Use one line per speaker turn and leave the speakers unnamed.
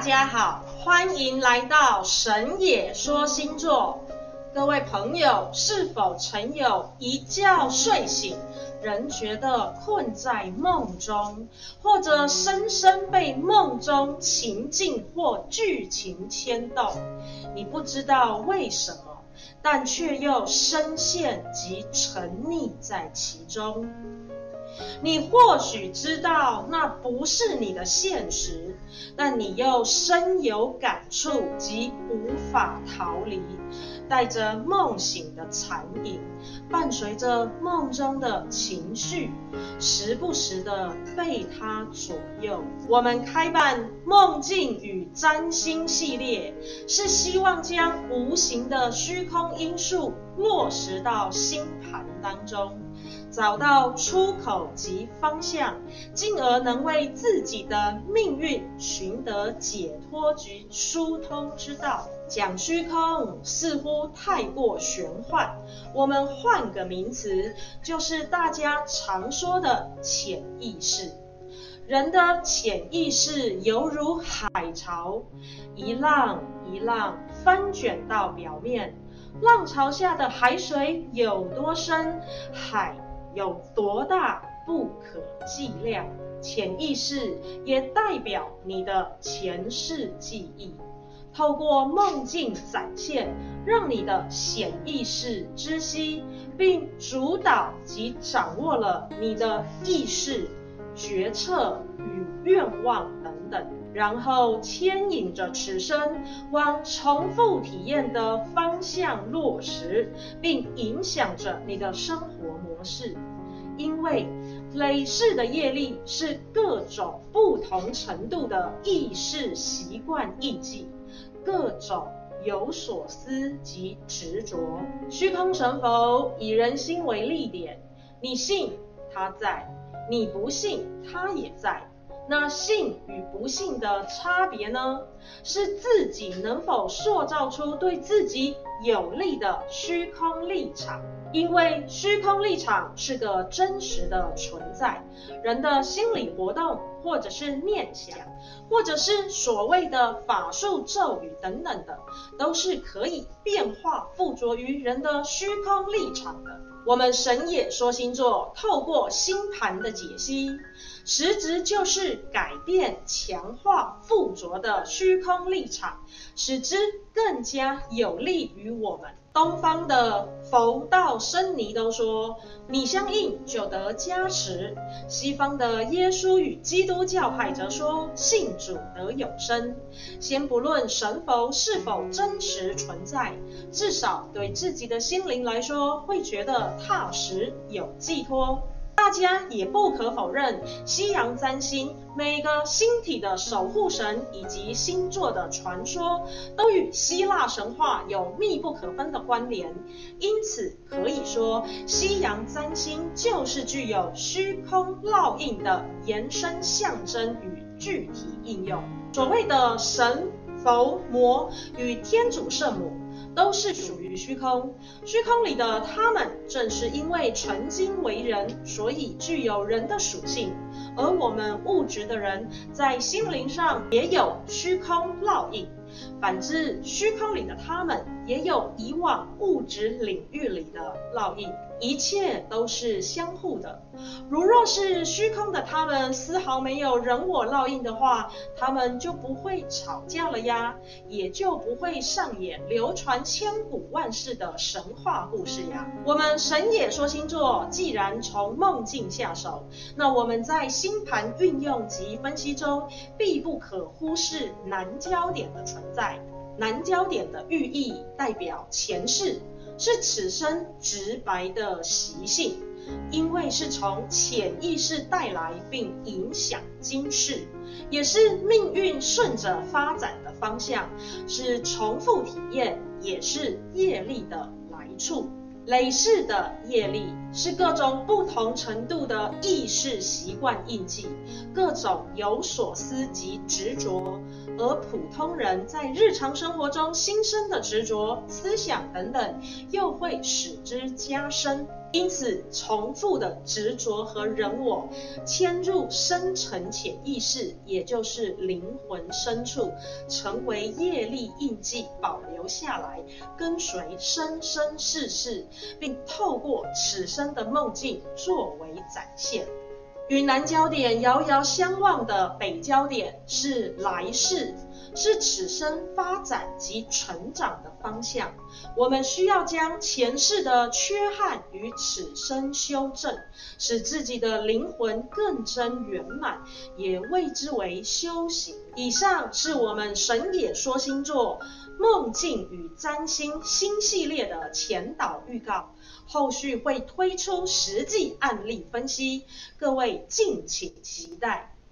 大家好，歡迎來到神野說星座。各位朋友，是否曾有一覺睡醒，仍覺得困在夢中，或者深深被夢中情境或劇情牽動？你不知道為什麼？但卻又深陷及沉溺在其中。你或許知道那不是你的現實，但你又深有感觸及無法逃離。帶着夢醒的殘影，伴隨着夢中的情緒，時不時的被它左右。我們開辦夢境與占星系列，是希望將無形的虛空因素落實到星盤當中，找到出口及方向，進而能為自己的命運尋得解脫及疏通之道。講虛空似乎太過玄幻，我們換個名詞，就是大家常說的潛意識。人的潛意識猶如海潮，一浪一浪翻卷到表面。浪潮下的海水有多深，海有多大，不可計量。潛意識也代表你的前世記憶。透過夢境展現，讓你的潛意識知悉，並主導及掌握了你的意識、決策與願望等等，然後牽引着此生往重複體驗的方向落實，並影響着你的生活模式，因為。累世的業力是各種不同程度的意識、習慣、意氣，各種有所思及執着。虛空成佛，以人心為立點，你信他在，你不信他也在。那幸與不幸的差別呢？是自己能否塑造出對自己有利的虛空立場，因為虛空立場是個真實的存在，人的心理活動。或者是念想，或者是所謂的法術、咒語等等的，都是可以變化附着於人的虛空立場的。我們神野說星座透過星盤的解析，實質就是改變、強化附着的虛空立場，使之更加有利於我們。東方的佛道、僧尼都說，你相應就得加持；西方的耶穌與基督教派則說，信主得永生。先不論神佛是否真實存在，至少對自己的心靈來說，會覺得踏實有寄託。大家也不可否認，西洋占星每個星體的守護神以及星座的傳說，都與希臘神話有密不可分的關聯。因此可以說，西洋占星就是具有虛空烙印的延伸象徵與具體應用。所謂的神、佛、魔與天主聖母。都是屬於虛空，虛空裡的他們正是因為曾經為人，所以具有人的屬性；而我們物質的人，在心靈上也有虛空烙印。反之，虛空裡的他們也有以往物質領域裡的烙印。一切都是相互的。如若是虛空的，他們絲毫沒有人我烙印的話，他們就不會吵架了呀，也就不會上演流傳千古萬世的神話故事呀。我們神野說星座，既然從夢境下手，那我們在星盤運用及分析中，必不可忽視南交點的存在。南交點的寓意代表前世。是此生直白的習性，因為是從潛意識帶來並影響今世，也是命運順着發展的方向，是重複體驗，也是業力的來處。累世的業力是各種不同程度的意識習慣印記，各種有所思及執着，而普通人在日常生活中心生的執着思想等等，又會使之加深。因此，重複的執着和人我，遷入深層潛意識，也就是靈魂深處，成為業力印記，保留下來，跟隨生生世世，並透過此生的夢境作為展現。與南焦點遙遙相望的北焦點是來世，是此生發展及成長的方向。我們需要將前世的缺憾與此生修正，使自己的靈魂更臻圓滿，也謂之為修行。以上是我們神野說星座，夢境與占星新系列的前導預告，後續會推出實際案例分析，各位敬請期待。